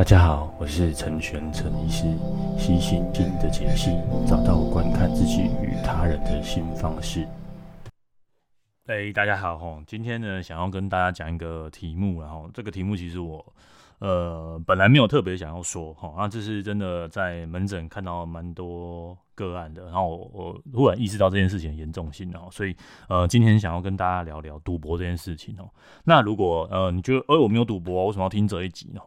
大家好，我是陳玄，陳醫師《西經》的解析，找到觀看自己與他人的新方式。哎、欸，大家好吼，今天呢，想要跟大家講一個題目，然後這個題目其實我呃本來沒有特別想要說吼，這是真的在門診看到蠻多個案的，然後我我突然意識到這件事情的嚴重性，所以呃今天想要跟大家聊聊賭博這件事情哦。那如果呃你覺得哎我沒有賭博，我為什麼要聽這一集呢？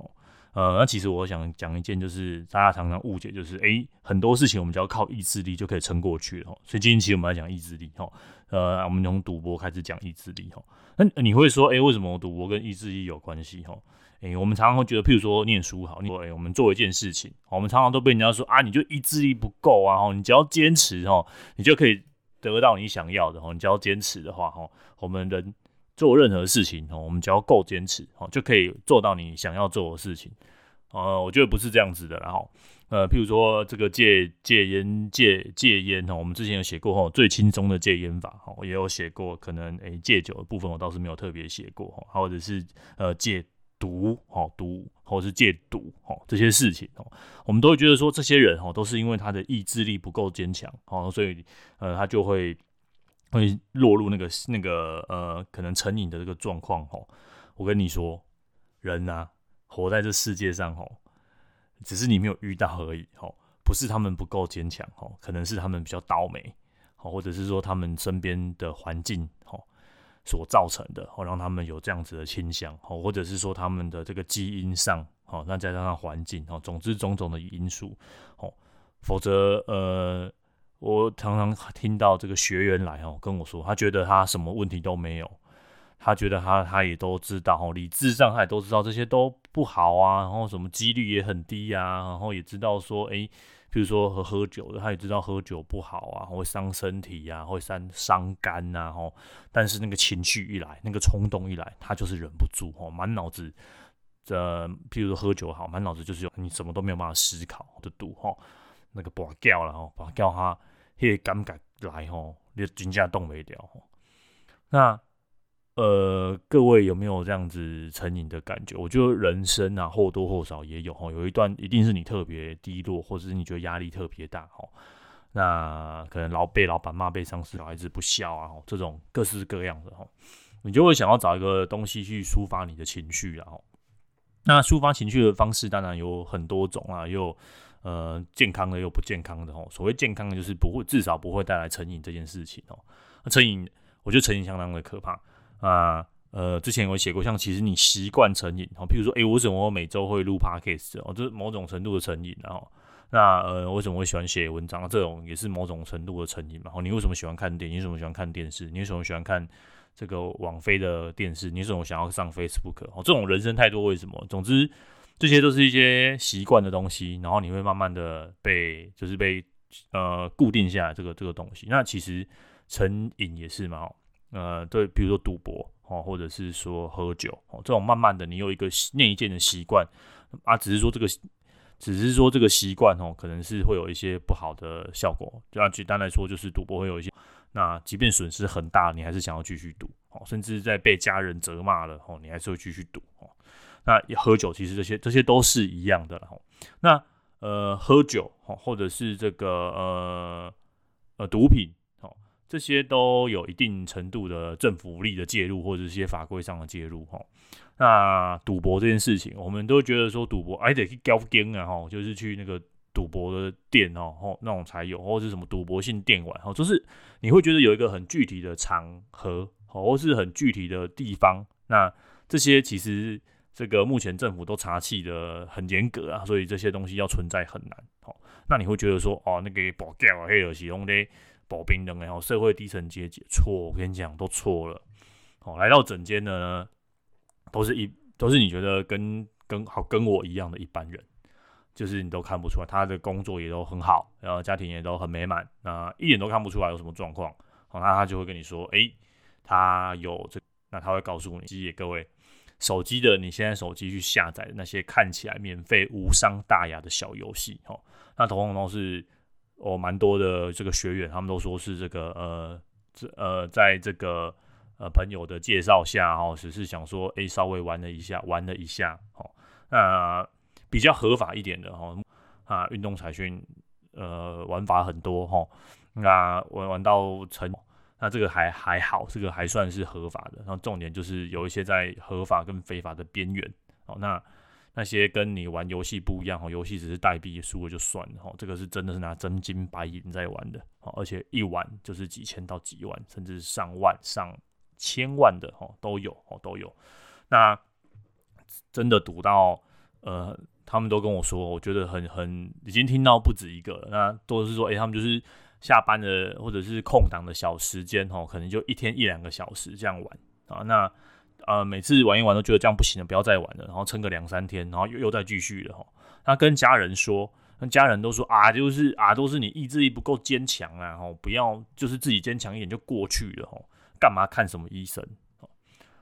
呃，那其實我想講一件，就是大家常常誤解，就是哎、欸，很多事情我們只要靠意志力就可以撐過去了。所以近期我們來講意志力，哈，呃，我們從賭博開始講意志力，哈。那你會說，哎、欸，為什麼我賭博跟意志力有關係，哈、欸？我們常常會覺得，譬如說唸書好，我們做一件事情，我們常常都被人家說啊，你就意志力不夠啊，你只要堅持，你就可以得到你想要的，哈，你只要堅持的話，哈，我們人。做任何事情我們只要夠堅持，就可以做到你想要做的事情。我覺得不是這樣子的。然後，呃，譬如說，這個戒戒菸、戒戒菸，我們之前有寫過哈，最輕鬆的戒菸法哈，也有寫過。可能誒，戒酒的部分我倒是沒有特別寫過哈，或者是呃戒毒哈、毒或者是戒賭哈，這些事情哦，我們都會覺得說，這些人都是因為他的意志力不夠堅強，所以呃他就會。會落入那個那個呃，可能成癮的這個狀況哦，我跟你說，人啊，活在這世界上哦，只是你沒有遇到而已哦，不是他們不夠堅強哦，可能是他們比較倒霉哦，或者是說他們身邊的環境吼、哦、所造成的吼、哦，讓他們有這樣子的傾向吼、哦，或者是說他們的這個基因上吼，那、哦、再加上環境吼，總、哦、之種種的因素吼、哦，否則呃。我常常聽到這個學員來吼跟我說，他覺得他什麼問題都沒有，他覺得他他也都知道吼，理智上他也都知道這些都不好啊，然後什麼幾率也很低呀、啊，然後也知道說，哎、欸，譬如說喝喝酒，他也知道喝酒不好啊，會傷身體啊，會傷傷肝啊，但是那個情緒一來，那個衝動一來，他就是忍不住吼，滿腦子，這、呃，譬如說喝酒好，滿腦子就是有你什麼都沒有辦法思考的度吼，那個拔掉了哦，拔掉他。也敢敢來吼，這均價動沒掉吼。那呃，各位有沒有這樣子成癮的感覺？我覺得人生啊，或多或少也有吼。有一段一定是你特別低落，或者是你覺得壓力特別大吼。那可能老，老被老板罵，被上司老，孩子不孝啊吼，這種各式各樣的吼，你就會想要找一個東西去抒發你的情緒然後。那抒發情緒的方式當然有很多種啊，有。呃，健康的又不健康的吼，所謂健康的，就是不會至少不會帶來成癮這件事情哦、呃。成癮，我覺得成癮相當的可怕啊、呃。呃，之前我寫過，像其實你習慣成癮哦，譬如說，誒、欸，我怎麼我每周會錄 podcast 哦，這、就是某種程度的成癮，然、哦、後，那呃，我怎麼會喜歡寫文章這種也是某種程度的成癮哦，你為什麼喜歡看電影？你為什麼喜歡看電視？你為什麼喜歡看這個網飛的電視？你為什麼想要上 Facebook？哦，這種人生態度為什麼？總之。這些都是一些習慣的東西，然後你會慢慢的被就是被呃固定下來這個這個東西。那其實成癮也是嘛，呃，對，比如說賭博哦，或者是說喝酒哦，這種慢慢的你有一個念一件的習慣啊，只是說這個只是說這個習慣哦，可能是會有一些不好的效果。就按簡單來說，就是賭博會有一些，那即便損失很大，你還是想要繼續賭哦，甚至在被家人責罵了哦，你還是會繼續賭哦。那喝酒其實這些這些都是一樣的了。那呃，喝酒或者是這個呃呃毒品哦，這些都有一定程度的政府力的介入，或者是一些法規上的介入。那賭博這件事情，我們都覺得說，賭博哎、啊、得去交更啊就是去那個賭博的店哦，哦那種才有，或是什麼賭博性電玩哈，就是你會覺得有一個很具體的場合好，或是很具體的地方。那這些其實。這個目前政府都查氣的很嚴格啊，所以這些東西要存在很難。好、哦，那你會覺得說，哦，那個保教黑爾起用的保兵的沒有、哦、社會低層階級錯，我跟你講都錯了。好、哦，來到診間的呢，都是一都是你覺得跟跟好跟，、哦、跟我一樣的一般人，就是你都看不出來他的工作也都很好，然後家庭也都很美滿，啊，一眼都看不出來有什麼狀況。好、哦，那他就會跟你說，誒，他有這個，那他會告訴你，謝謝各位。手機的，你現在手機去下載那些看起來免費無傷大雅的小遊戲，哦。那同樣都是哦，蠻多的這個學員，他們都說是這個呃，這呃，在這個呃朋友的介紹下，哦，只是想說，誒、欸，稍微玩了一下，玩了一下，哦。那比較合法一點的，哦，啊，運動彩券，呃，玩法很多，哦。那玩玩到成。那這個還還好，這個還算是合法的。然後重點就是有一些在合法跟非法的邊緣哦。那那些跟你玩遊戲不一樣，哦，遊戲只是代幣輸了就算了，哦，這個是真的是拿真金白銀在玩的，哦，而且一玩就是幾千到幾萬，甚至上萬、上千萬的，哦，都有，哦，都有。那真的賭到，呃，他們都跟我說，我覺得很很，已經聽到不止一個了，那都是說，誒、欸，他們就是。下班的或者是空檔的小時間吼，可能就一天一兩個小時這樣玩啊。那呃每次玩一玩都覺得這樣不行了，不要再玩了。然後撐個兩三天，然後又又再繼續了哈。他跟家人說，那家人都說啊，就是啊都是你意志力不夠堅強啊，吼，不要就是自己堅強一點就過去了哦，幹嘛看什麼醫生？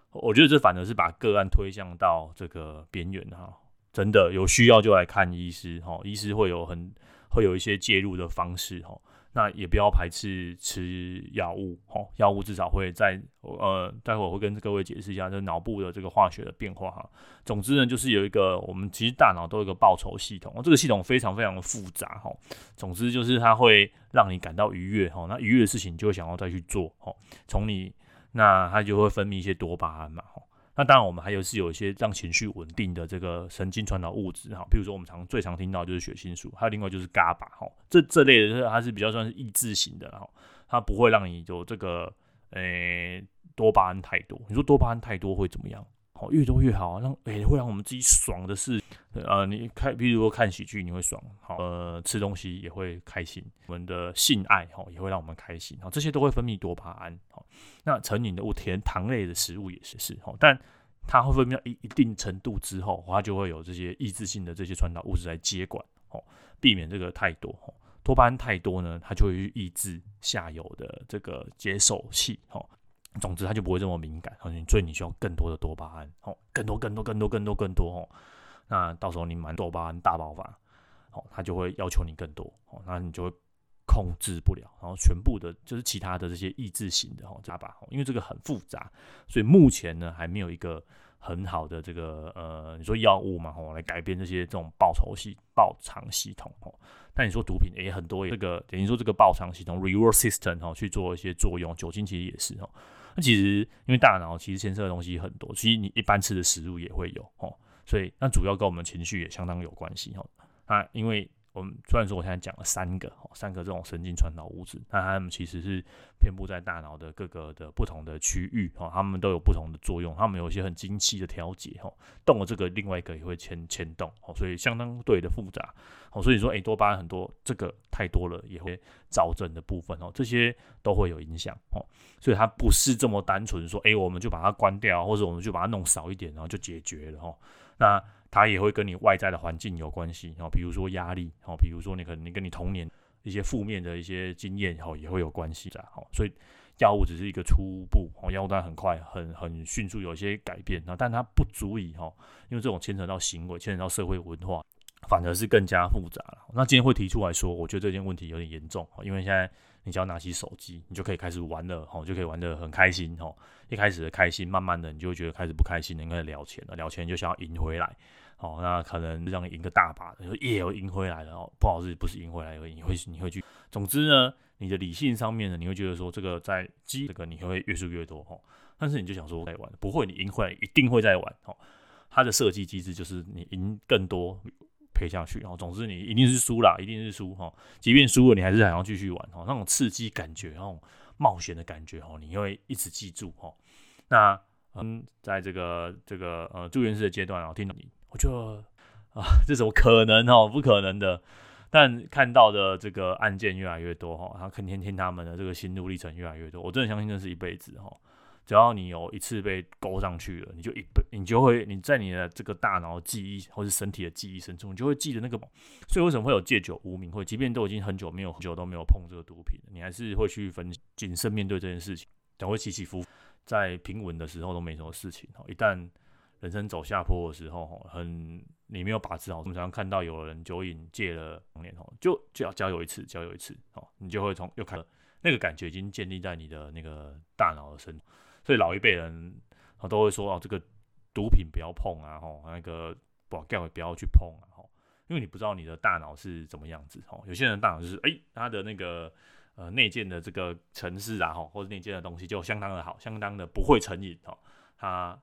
我覺得這反而是把個案推向到這個邊緣哈。真的有需要就來看醫師吼，醫師會有很會有一些介入的方式吼。那也不要排斥吃藥物，哈，藥物至少會在呃，待會我會跟各位解釋一下這腦部的這個化學的變化哈。總之呢，就是有一個我們其實大腦都有一個報酬系統，這個系統非常非常的複雜哈。總之就是它會讓你感到愉悅哈，那愉悅的事情你就會想要再去做哈。從你，那它就會分泌一些多巴胺嘛那當然，我們還有是有一些讓情緒穩定的這個神經傳導物質哈，比如說我們常最常聽到就是血清素，還有另外就是 GABA 哈，這這類的，它是比較算是抑制型的哈，它不會讓你有這個誒、欸、多巴胺太多。你說多巴胺太多會怎麼樣？越多越好。讓哎、欸，會讓我們自己爽的是，呃，你看，比如說看喜劇，你會爽。好，呃，吃東西也會開心，我們的性愛也會讓我們開心。好，這些都會分泌多巴胺。好，那成癮的物甜糖類的食物也是是好，但它會分泌到一一定程度之後，它就會有這些抑制性的這些傳導物質來接管，好，避免這個太多。好，多巴胺太多呢，它就會去抑制下游的這個接受器。好總之，他就不會這麼敏感，所以你需要更多的多巴胺，更多、更多、更多、更多、更多，哦，那到時候你滿多巴胺大爆發，哦，他就會要求你更多，那你就會控制不了，然後全部的，就是其他的這些抑制型的，因為這個很複雜，所以目前呢，還沒有一個很好的這個，呃，你說藥物嘛，哦，來改變這些這種報酬系、報償系統，哦，那你說毒品也、欸、很多也，這個等於說這個報償系統、mm -hmm. （reward system） 去做一些作用，酒精其實也是，那其實，因為大腦其實牽涉的東西很多，其實你一般吃的食物也會有哦，所以那主要跟我們情緒也相當有關係哦。啊，因為。我們雖然說我現在講了三個，三個這種神經傳導物質，那它們其實是遍布在大腦的各個的不同的區域，哦，它們都有不同的作用，它們有一些很精細的調節，哦，動了這個另外一個也會牽牽動，哦，所以相當對的複雜，哦，所以說，哎，多巴胺很多，這個太多了也會造成的部分，哦，這些都會有影響，哦，所以它不是這麼單純說，哎，我們就把它關掉，或者我們就把它弄少一點，然後就解決了，哦，那。它也會跟你外在的環境有關係哦，比如說壓力，哦，比如說你可能你跟你童年一些負面的一些經驗，也會有關係的，所以藥物只是一個初步，哦，藥物當然很快，很很迅速有一些改變，但它不足以，因為這種牽扯到行為，牽扯到社會文化，反而是更加複雜。那今天會提出來說，我覺得這件問題有點嚴重，因為現在你只要拿起手機，你就可以開始玩了，就可以玩得很開心，一開始的開心，慢慢的你就會覺得開始不開心，能跟他聊錢了，聊錢就想要贏回來。哦，那可能讓你贏個大把的，也要贏回來了哦。不好意思，不是贏回來了？你會你會去，總之呢，你的理性上面呢，你會覺得說這個在機這個你會越輸越多哦。但是你就想說再玩不會，你贏回來一定會再玩哦。它的設計機制就是你贏更多賠下去哦。總之你一定是輸了，一定是輸哈、哦。即便輸了，你還是想要繼續玩哦。那種刺激感覺，那種冒險的感覺哦，你會一直記住哦。那嗯，在這個這個呃住院室的階段啊、哦，聽到你。我覺得啊，這怎麼可能哦？不可能的。但看到的這個案件越來越多哈，然後天天聽他們的這個心路歷程越來越多，我真的相信這是一輩子哈。只要你有一次被勾上去了，你就一你就會你在你的這個大腦記憶或是身體的記憶深處，你就會記得那個。所以為什麼會有戒酒無名會？即便都已經很久沒有酒都沒有碰這個毒品，你還是會去分謹慎面對這件事情。總會起起伏伏，在平穩的時候都沒什麼事情哈。一旦人生走下坡的時候，很你沒有把持好，我們常常看到有人酒癮戒了兩年，就就要交友一次，交友一次，你就會從又開那個感覺已經建立在你的那個大腦的身。所以老一輩人，都會說哦，這個毒品不要碰啊，吼，那個不乾不要去碰啊，因為你不知道你的大腦是怎麼樣子，吼，有些人大腦就是，哎、欸，他的那個呃內建的這個程式啊，或者內建的東西就相當的好，相當的不會成癮，吼，他。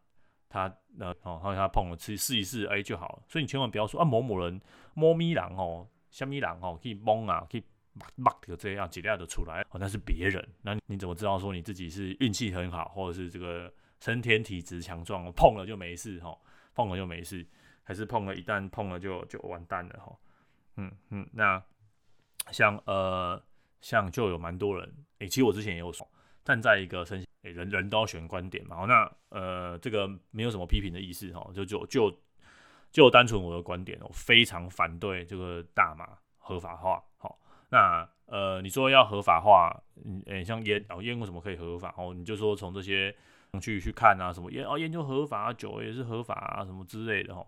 他呃哦，他碰了，試試一試，哎、欸、就好了。所以你千萬不要說啊，某某人摸咪郎哦，蝦咪郎哦，可以蒙啊，可以抹抹，有這樣幾樣的出來，哦、那是別人。那你怎麼知道說你自己是運氣很好，或者是這個身體體質強壯，碰了就沒事哈、哦，碰了就沒事，還是碰了，一旦碰了就就完蛋了哈、哦。嗯嗯，那像呃像就有蠻多人，誒、欸，其實我之前也有說。站在一個身誒，人人都要選觀點嘛，哦，那呃，這個沒有什麼批評的意思哈，就就就就單純我的觀點，我非常反對這個大麻合法化，好，那呃，你說要合法化，嗯，誒像菸哦，菸為什麼可以合法？哦，你就說從這些去去看啊，什麼菸哦，菸就合法，酒也是合法啊，什麼之類的哈，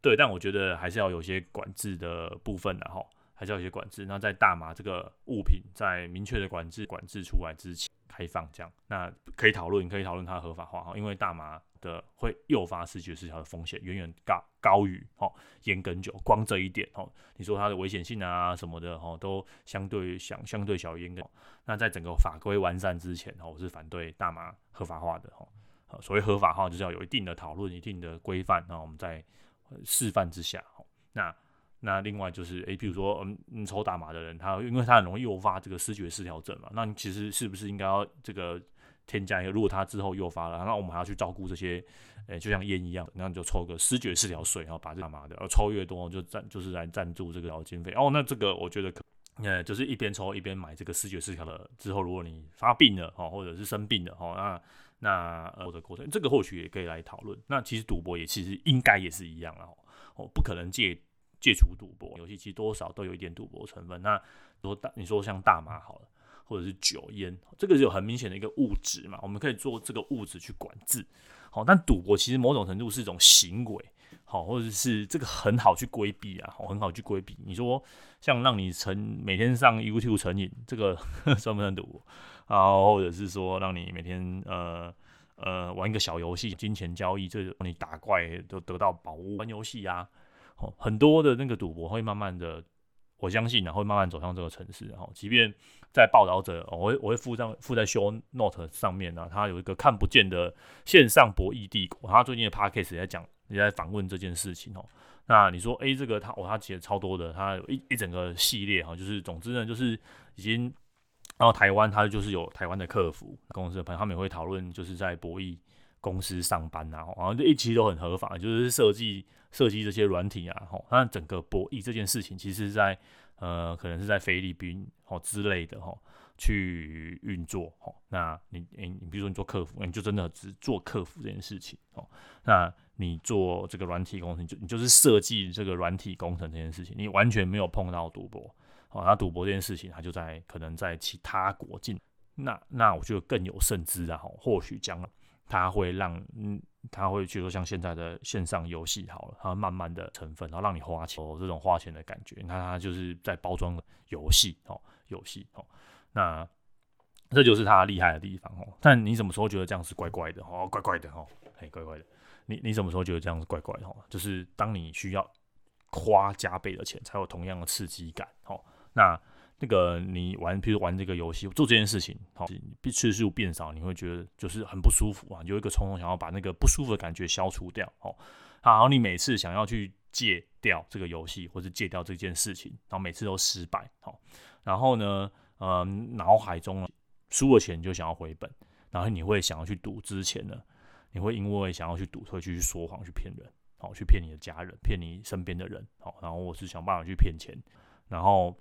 對，但我覺得還是要有些管制的部分的哈，還是要有些管制。那在大麻這個物品在明確的管制管制出來之前，開放這樣，那可以討論，可以討論它的合法化，因為大麻的會誘發思覺失調的風險遠遠高高於哈菸跟酒，光這一點哈，你說它的危險性啊什麼的哈，都相對相相對小於菸跟。那在整個法規完善之前，我是反對大麻合法化的。所謂合法化，就是要有一定的討論、一定的規範，那我們在示範之下那那另外就是，誒，比如說，嗯，嗯抽大麻的人，他因為他很容易誘發這個思覺失調症嘛。那你其實是不是應該要這個添加一個，如果他之後誘發了，那我們還要去照顧這些，誒，就像菸一樣，那你就抽個思覺失調稅，然後把這大麻的，而抽越多就贊，就是來贊助這個醫療經費哦。那這個我覺得可，呃、嗯，就是一邊抽一邊買這個思覺失調的。之後如果你發病了哦，或者是生病了哦，那那或者過程，這個或許也可以來討論。那其實賭博也其實應該也是一樣了，哦，不可能借。戒除賭博遊戲，其實多少都有一點賭博成分。那如果大，你說像大麻好了，或者是酒、菸，這個是有很明顯的一個物質嘛，我們可以做這個物質去管制。好，但賭博其實某種程度是一種行為，好，或者是這個很好去規避啊，好，很好去規避。你說像讓你成每天上 YouTube 成癮，這個呵呵算不算賭博？啊，或者是說讓你每天呃呃玩一個小遊戲，金錢交易，這讓你打怪都得到寶物，玩遊戲啊。很多的那個賭博會慢慢的，我相信然後啊，會慢慢走向這個城市。然後即便在報道者，我會我會附上附在 show note 上面呢、啊。他有一個看不見的線上博弈帝國。他最近的 podcast 也在講，也在訪問這件事情哦。那你說，A、欸、這個他，哦，他寫的超多的，他有一一整個系列哈，就是總之呢，就是已經，然後台灣他就是有台灣的客服，公司的朋友他們也會討論，就是在博弈。公司上班吶、啊，然後這都很合法，就是設計設計這些軟體啊，吼，那整個博弈這件事情，其實是在，在呃，可能是在菲律賓哦之類的吼去運作，吼，那你、欸、你比如說你做客服、欸，你就真的只做客服這件事情，吼，那你做這個軟體工程，你就你就是設計這個軟體工程這件事情，你完全沒有碰到賭博，哦，那賭博這件事情，它就在可能在其他國境，那那我就更有甚之啊，吼，或許將。他會讓，嗯，他會去說像現在的線上遊戲好了，他慢慢的成分，然後讓你花錢，哦，這種花錢的感覺，你看他就是在包裝遊戲，哦，遊戲，哦，那這就是他厲害的地方，哦。但你什麼時候覺得這樣是怪怪的，哦，怪怪的，哦，嘿，怪怪的，你你什麼時候覺得這樣是怪怪的，哦，就是當你需要花加倍的錢才有同樣的刺激感，哦，那。那個你玩，譬如玩這個遊戲，做這件事情，好，次數變少，你會覺得就是很不舒服啊，你有一個衝動想要把那個不舒服的感覺消除掉，好，然後你每次想要去戒掉這個遊戲，或是戒掉這件事情，然後每次都失敗，好，然後呢，嗯，腦海中輸了錢就想要回本，然後你會想要去賭之前呢，你會因為想要去賭，所以去說謊，去騙人，好，去騙你的家人，騙你身邊的人，好，然後我是想辦法去騙錢，然後。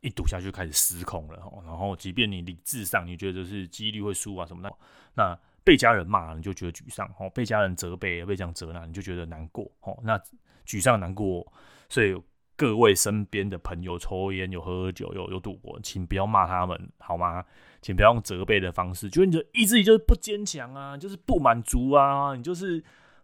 一賭下去就開始失控了吼，然後即便你理智上你覺得是幾率會輸啊什麼的，那被家人罵你就覺得沮喪吼，被家人責備也被這樣責難你就覺得難過吼，那沮喪難過，所以各位身邊的朋友抽菸有喝酒有有賭博，請不要罵他們好嗎？請不要用責備的方式，覺得你的意志力就是不堅強啊，就是不滿足啊，你就是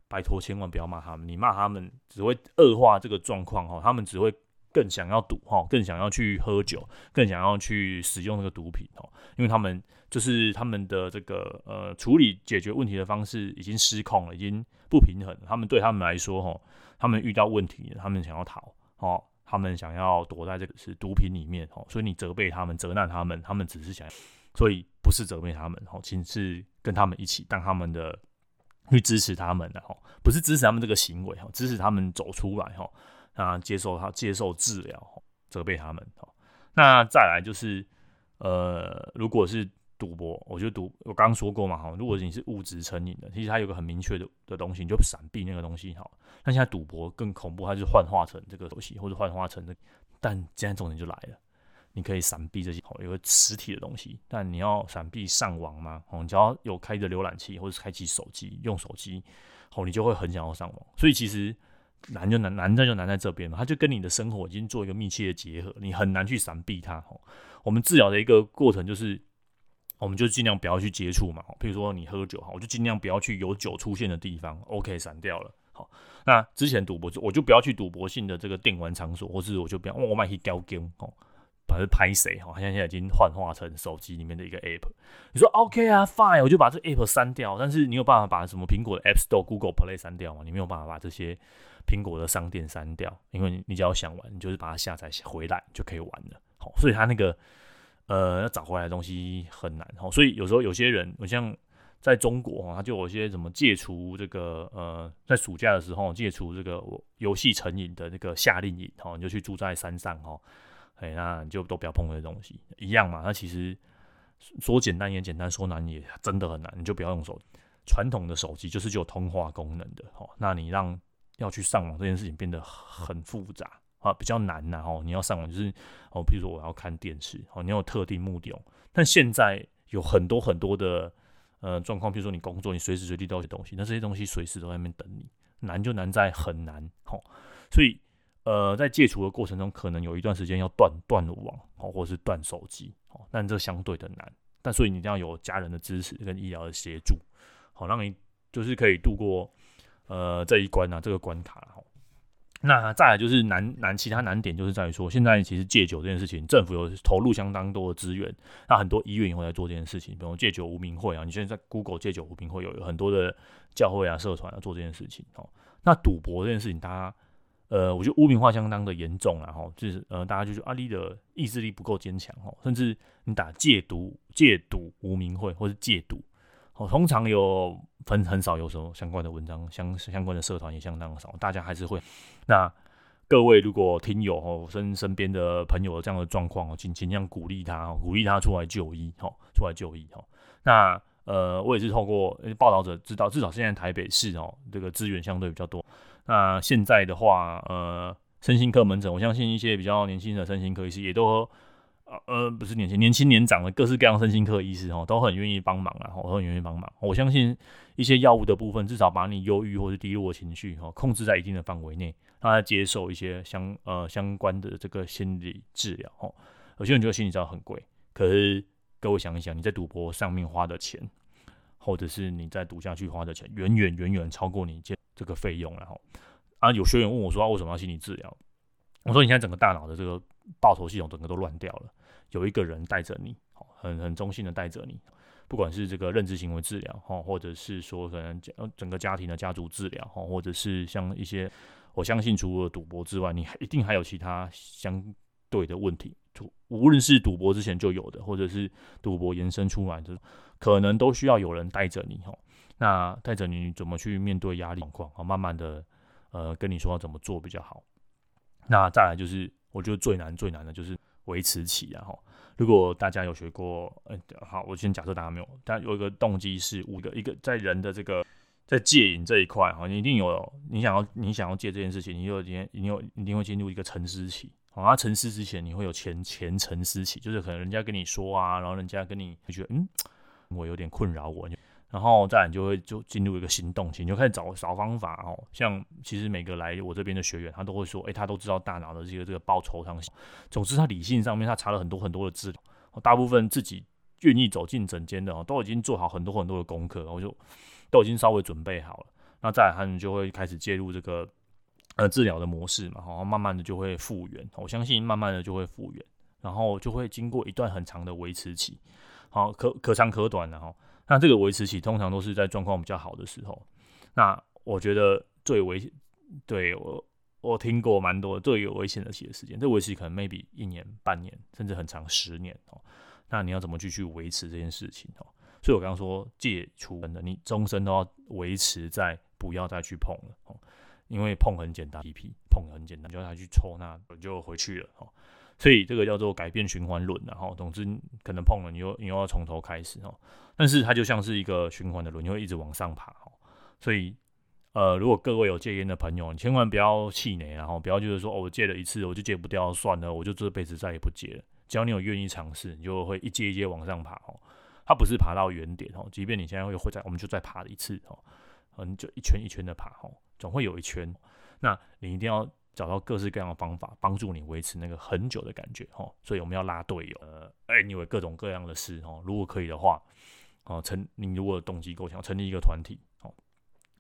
拜托，千萬不要罵他們，你罵他們只會惡化這個狀況，他們只會。更想要賭哈，更想要去喝酒，更想要去使用那個毒品哈，因為他們就是他們的這個呃處理解決問題的方式已經失控了，已經不平衡了。他們對他們來說哈，他們遇到問題，他們想要逃哈，他們想要躲在這個是毒品裡面哈，所以你責備他們、責難他們，他們只是想要，所以不是責備他們哈，只是跟他們一起，當他們的去支持他們哈，不是支持他們這個行為哈，支持他們走出來哈。啊，接受它，接受治療，責備他們。好，那再來就是，呃，如果是賭博，我就賭我剛剛說過嘛，哈，如果你是物質成癮的，其實它有個很明確的的東西，你就閃避那個東西。哈，那現在賭博更恐怖，它就是幻化成這個東西，或者幻化成這個。但現在重點就來了，你可以閃避這些，好，有個實體的東西。但你要閃避上網嗎？你只要有開着瀏覽器或者開啟手機，用手機，好，你就會很想要上網。所以其實。難就難，難在就難在這邊嘛，它就跟你的生活已經做一個密切的結合，你很難去閃避它。我們治療的一個過程就是，我們就盡量不要去接觸嘛。譬如說你喝酒，我就盡量不要去有酒出現的地方。OK，閃掉了。好，那之前賭博就我就不要去賭博性的這個電玩場所，或是我就不要我買一膠 gun 哦，把它拍誰哈，哦、好像現在已經幻化成手機裡面的一個 app。你說 OK 啊，Fine，我就把這個 app 刪掉。但是你有辦法把什麼蘋果的 App Store、Google Play 刪掉嗎？你沒有辦法把這些，蘋果的商店刪掉，因為你只要想玩，你就是把它下載回來就可以玩了。好，所以它那個呃要找回來的東西很難。所以有時候有些人，我像在中國，他就有一些什麼戒除這個呃，在暑假的時候戒除這個遊戲成癮的那個夏令營，好，你就去住在山上，哦，哎，那你就都不要碰那東西，一樣嘛。那其實說簡單也簡單，說難也真的很難。你就不要用手傳統的手機，就是具有通話功能的。好，那你讓要去上網這件事情變得很複雜啊，比較難吶、啊、哦。你要上網就是哦，譬如說我要看電視哦，你要有特定目的哦。但現在有很多很多的呃狀況，譬如說你工作，你隨時隨地都有些東西，那這些東西隨時都在那邊等你，難就難在很難哦。所以呃，在戒除的過程中，可能有一段時間要斷斷網哦，或者是斷手機哦，但這相對的難。但所以你一定要有家人的支持跟醫療的協助，好，讓你就是可以度過。呃，這一關呢，啊，這個關卡，啊，那再來就是難難，其他難點就是在於說，現在其實戒酒這件事情，政府有投入相當多的資源，那很多醫院也會在做這件事情，比如戒酒無名會啊，你現在在 Google 戒酒無名會有有很多的教會啊，社團啊做這件事情，啊，哦。那賭博這件事情，大家，呃，我覺得污名化相當的嚴重啦，吼，就是呃，大家就是阿里的意志力不夠堅強，吼，甚至你打戒毒，戒賭無名會，或是戒賭。哦，通常有很很少有什麼相關的文章，相相關的社團也相當的少，大家還是會。那各位如果聽友哦，身身邊的朋友這樣的狀況哦，請盡量鼓勵他，鼓勵他出來就醫，好、哦，出來就醫，哈、哦。那呃，我也是透過報導者知道，至少現在台北市哦，這個資源相對比較多。那現在的話，呃，身心科門診，我相信一些比較年輕的身心科醫師也都。呃，不是年輕，年輕年長的各式各樣身心科醫師哦，都很願意幫忙啊，吼，都很願意幫忙。我相信一些藥物的部分，至少把你憂鬱或是低落的情緒吼控制在一定的範圍內，讓他接受一些相呃相關的這個心理治療哦。有些人覺得心理治療很貴，可是各位想一想，你在賭博上面花的錢，或者是你在賭下去花的錢，遠遠遠遠超過你這這個費用了吼。啊，有學員問我說，啊，為什麼要心理治療？我說你現在整個大腦的這個報酬系統整個都亂掉了。有一個人帶着你，很很中性的帶着你，不管是這個認知行為治療，哈，或者是說可能整個家庭的家族治療，哈，或者是像一些，我相信除了賭博之外，你一定還有其他相對的問題，就無論是賭博之前就有的，或者是賭博延伸出來的，可能都需要有人帶着你，哈，那帶着你怎麼去面對壓力情況，啊，慢慢的，呃，跟你說要怎麼做比較好。那再來就是，我覺得最難最難的就是。維持期、啊，然後如果大家有學過，呃、欸，好，我先假設大家沒有。但有一個動機是五個，一個，在人的這個在戒癮這一塊，你一定有你想要你想要戒這件事情，你有先，你有一定會進入一個沉思期。好，它、啊、沉思之前，你會有前前沉思期，就是可能人家跟你說啊，然後人家跟你就覺得，嗯，我有點困擾我。然後再來你就會就進入一個行動期，你就開始找找方法哦。像其實每個來我這邊的學員，他都會說，哎，他都知道大腦的這個這個報酬系統，總之，他理性上面他查了很多很多的資料，大部分自己願意走進診間的哦，都已經做好很多很多的功課，我就都已經稍微準備好了。那再來他們就會開始介入這個呃治療的模式嘛，然後慢慢的就會復原。我相信慢慢的就會復原，然後就會經過一段很長的維持期，好可可長可短的哈、哦。那這個維持期通常都是在狀況比較好的時候。那我覺得最危險，對，我我聽過蠻多的最有危險的期的時間，這個維持期可能 maybe 一年、半年，甚至很長十年哦。那你要怎麼去去維持這件事情哦？所以我剛剛說戒除的，你終身都要維持在不要再去碰了，因為碰很簡單 p 一筆，碰很簡單，叫他去抽，那我就回去了。所以這個叫做改變循環輪、啊，然後總之可能碰了你又，你又你又要從頭開始哦。但是它就像是一個循環的輪，你會一直往上爬哦。所以呃，如果各位有戒菸的朋友，你千萬不要氣餒、啊，然後不要就是說、哦、我戒了一次我就戒不掉，算了，我就這輩子再也不戒了。只要你有願意嘗試，你就會一階一階往上爬哦。它不是爬到原點哦，即便你現在會會再，我們就再爬一次哦，你就一圈一圈的爬哦，總會有一圈。那你一定要。找到各式各樣的方法幫助你維持那個很久的感覺所以我們要拉隊友，呃，哎、欸，你有各種各樣的事如果可以的話，哦、呃，成，你如果動機夠強，成立一個團體，哦，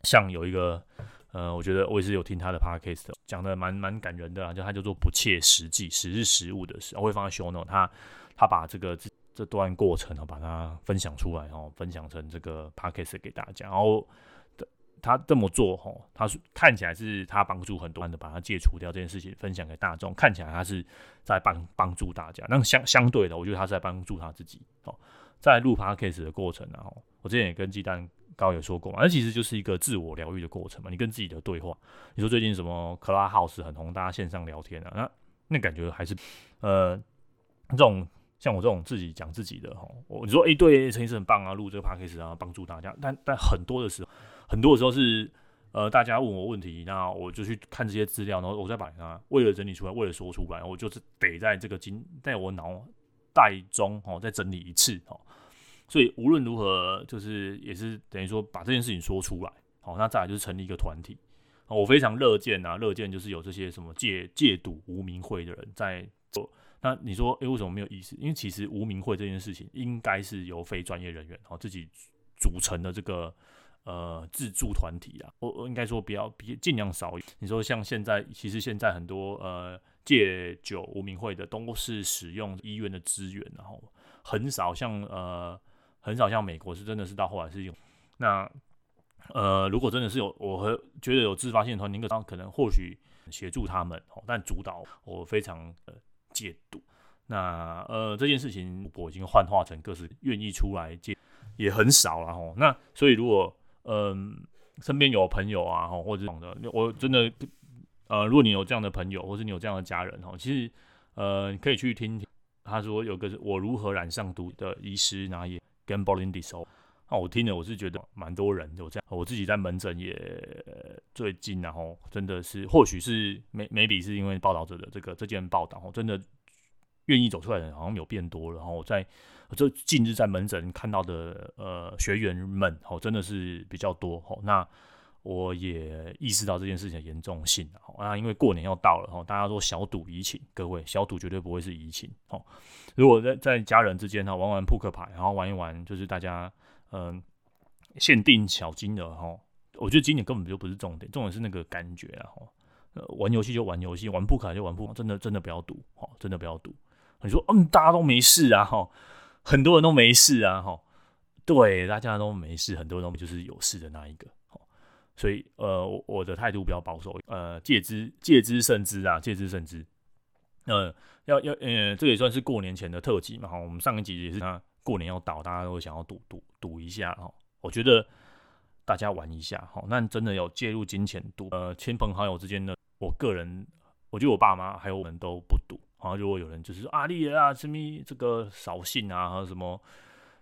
像有一個，呃，我覺得我也是有聽他的 podcast 講的，蠻蠻感人的啊，就他叫做不切實記，實事實物的事，我會放在 show note, 他他把這個這這段過程把它分享出來哦，分享成這個 podcast 給大家，然後他這麼做，吼，他是看起來是他幫助很多人的，把他戒除掉這件事情分享給大眾，看起來他是在幫幫助大家。那相相對的，我覺得他是在幫助他自己。哦，在錄 podcast 的過程啊，我之前也跟雞蛋糕有說過，那其實就是一個自我療癒的過程嘛。你跟自己的對話，你說最近什麼 Clubhouse 很紅，大家線上聊天啊。那那感覺還是呃，這種像我這種自己講自己的，吼、哦，你說哎、欸，對，陳醫生很棒啊，錄這個 podcast 啊，幫助大家。但但很多的時候。很多時候是，呃，大家問我問題，那我就去看這些資料，然後我再把它為了整理出來，為了說出來，我就是得在這個經在我腦袋中哦再整理一次哦。所以無論如何，就是也是等於說把這件事情說出來，好，那再來就是成立一個團體。我非常樂見啊，樂見就是有這些什麼戒戒賭無名會的人在做。那你說，誒、欸，為什麼沒有意思？因為其實無名會這件事情應該是由非專業人員哦自己組成的這個。呃，自助團體啊，我我應該說比較，盡量少。你說像現在，其實現在很多呃戒酒無名會的，都是使用醫院的資源啦，然後很少像呃很少像美國是真的是到後來是用。那呃，如果真的是有，我和覺得有自發性團體，可可能或許協助他們，但主導我非常呃戒賭。那呃，這件事情我已經幻化成各自願意出來戒，也很少了吼。那所以如果。嗯，身邊有朋友啊，或者是的，我真的，呃，如果你有這樣的朋友，或者是你有這樣的家人，吼，其實，呃，你可以去聽聽他說有個是我如何染上毒的醫師，然後也跟 Gambling Disorder，哦，我聽了我是覺得蠻多人有這樣，我自己在門診也最近然後真的是，或許是沒沒比是因為報道者的這個這件報道，吼，真的。願意走出來的人好像有變多了，然後在這近日在門診看到的呃學員們，哦，真的是比較多。那我也意識到這件事情的嚴重性。那因為過年要到了，哦，大家都小賭怡情，各位小賭絕對不會是怡情。如果在在家人之間哈玩玩撲克牌，然後玩一玩，就是大家嗯、呃、限定小金額哈，我覺得金錢根本就不是重點，重點是那個感覺啊。哦，玩遊戲就玩遊戲，玩撲克牌就玩撲克，真的真的不要賭，真的不要賭。你說嗯，大家都沒事啊哈，很多人都沒事啊哈，對，大家都沒事，很多人都就是有事的那一個哈，所以呃，我我的態度比較保守，呃，戒之戒之慎之啊，戒之慎之，呃要要，嗯、呃，這也算是過年前的特輯嘛哈，我們上一集也是啊，過年要倒，大家都想要賭賭賭一下哈，我覺得大家玩一下好，那真的要介入金錢賭，呃，親朋好友之間的，我個人我覺得我爸媽還有我們都不賭。然後如果有人就是說，阿麗啊什麼這個掃興啊，還有什麼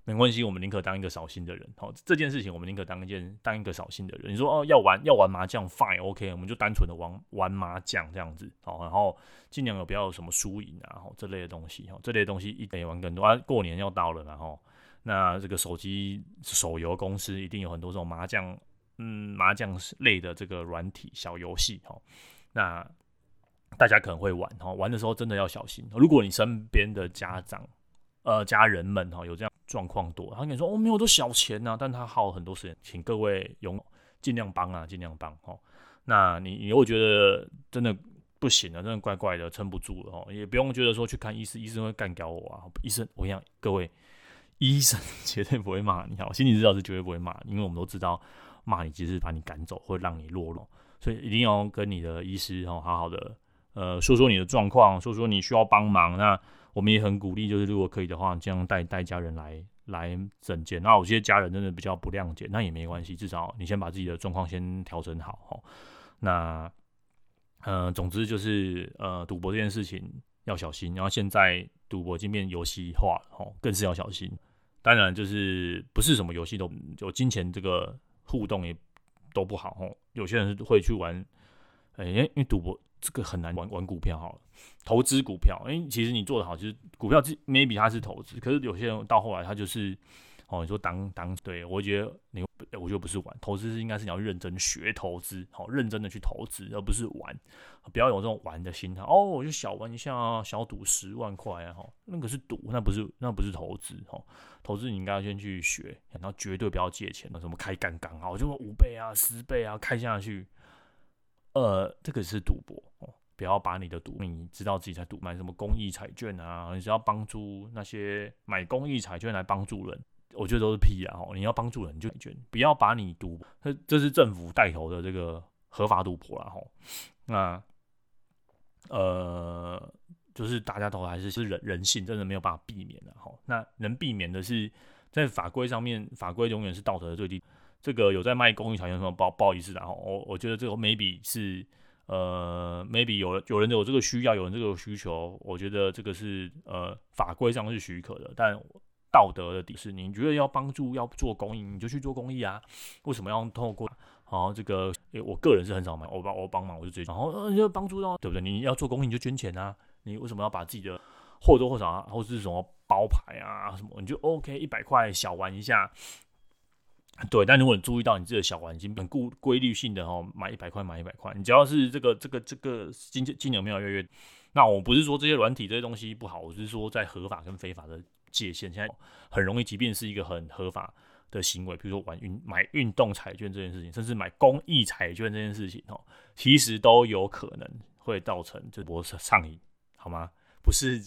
沒關係，我們寧可當一個掃興的人。好，哦，這件事情我們寧可當一件當一個掃興的人。你說哦要玩要玩麻將，fine, OK，我們就單純的玩玩麻將這樣子。好，哦，然後儘量也不要有什麼輸贏啊，哦，這類的東西哦，這類的東西一定也玩更多。啊，過年要到了，然，哦，後那這個手機手遊公司一定有很多這種麻將嗯麻將類的這個軟體小遊戲。好，哦，那。大家可能會玩哈，玩的時候真的要小心。如果你身邊的家長、呃家人們哈有這樣狀況多，他跟你說我、哦、沒有多少錢吶、啊，但他耗了很多時間，請各位勇盡量幫啊，盡量幫哈、哦。那你你如果覺得真的不行了，真的怪怪的撐不住了哈，也不用覺得說去看醫生，醫生會幹掉我啊。醫生，我跟你講，各位醫生絕對不會罵你，哈，心理治療師絕對不會罵，因為我們都知道罵你即使把你趕走會讓你落了，所以一定要跟你的醫師哦好好的。呃，說說你的狀況，說說你需要幫忙，那我們也很鼓勵，就是如果可以的話，這樣帶帶家人來來診間。那、啊、有些家人真的比較不諒解，那也沒關係，至少你先把自己的狀況先調整好、哦、那，嗯、呃，總之就是，呃，賭博這件事情要小心，然後現在賭博已經變遊戲化了，吼、哦，更是要小心。當然，就是不是什麼遊戲都有金錢這個互動也都不好吼、哦。有些人會去玩，哎，因為賭博。這個很難玩，玩股票好了，投資股票，因、欸、為其實你做的好，其實股票 maybe 它是投資，可是有些人到後來他就是，哦你說當當，對我覺得你，我覺得不是玩，投資是應該是你要認真學投資、哦，認真的去投資，而不是玩、啊，不要有這種玩的心態，哦我就小玩一下，小賭十萬塊哈、哦，那個是賭，那不是那不是投資哦，投資你應該先去學，然後絕對不要借錢了，什麼開槓桿啊，就五倍啊十倍啊開下去。呃，這個是賭博哦，不要把你的賭，你知道自己在賭，買什麼公益彩券啊，你是要幫助那些買公益彩券來幫助人，我覺得都是屁啊，哦！你要幫助人就捐，不要把你賭，這是政府帶頭的這個合法賭博了哦，那呃，就是大家都還是是人人性，真的沒有辦法避免的啊哦，那能避免的是在法規上面，法規永遠是道德的最低。這個有在賣公益小熊什麼？不不好意思，啊，然後我我覺得這個 maybe 是呃 maybe 有有人有這個需要，有人有這個需求，我覺得這個是呃法規上是許可的，但道德的底是你覺得要幫助要做公益，你就去做公益啊，為什麼要通過，啊、然後這個、欸，我個人是很少買，我幫，我幫忙我就覺得，然後你就幫助到，對不對？你要做公益你就捐錢啊，你為什麼要把自己的或多或少啊，或是什麼包牌啊什麼，你就 OK 一百塊小玩一下。對，但如果你注意到你這個小環境很固規律性的哦，買一百塊買一百塊，你只要是這個這個這個金額沒有越越，那我不是說這些軟體這些東西不好，我是說在合法跟非法的界限，現在很容易，即便是一個很合法的行為，比如說玩運買運動彩券這件事情，甚至買公益彩券這件事情哦，其實都有可能會造成這波上癮，好嗎？不是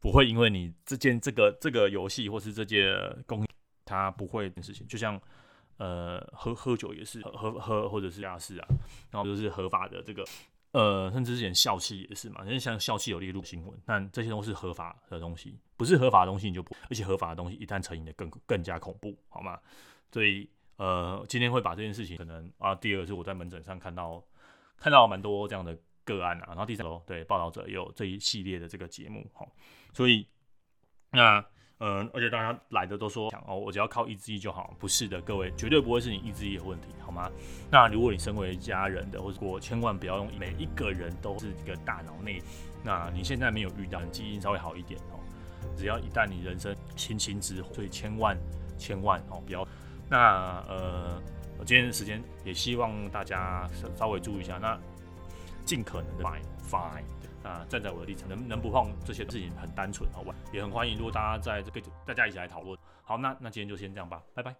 不會因為你這件這個這個遊戲或是這件公。他不會的事情，就像，呃，喝喝酒也是喝喝，或者是駕駛啊，然後就是合法的這個，呃，甚至是連笑氣也是嘛，因為像笑氣有列入新聞，但這些都是合法的東西，不是合法的東西你就不，而且合法的東西一旦成癮的更更加恐怖，好嗎？所以，呃，今天會把這件事情，可能啊，第二個是我在門診上看到看到蠻多這樣的個案啊，然後第三，對，報導者也有這一系列的這個節目，好，所以那。嗯，而且大家來的都說哦，我只要靠意志力就好，不是的，各位絕對不會是你意志力的問題，好嗎？那如果你身為家人的，或者我千萬不要用每一個人都是一個大腦內，那你現在沒有遇到你基因稍微好一點哦，只要一旦你人生清星之後，所以千萬千萬哦，不要。那呃，我今天的時間也希望大家稍微注意一下，那盡可能的。啊，站在我的立場，能能不碰這些事情很單純，好吧？也很歡迎，如果大家在這個大家一起來討論。好，那那今天就先這樣吧，拜拜。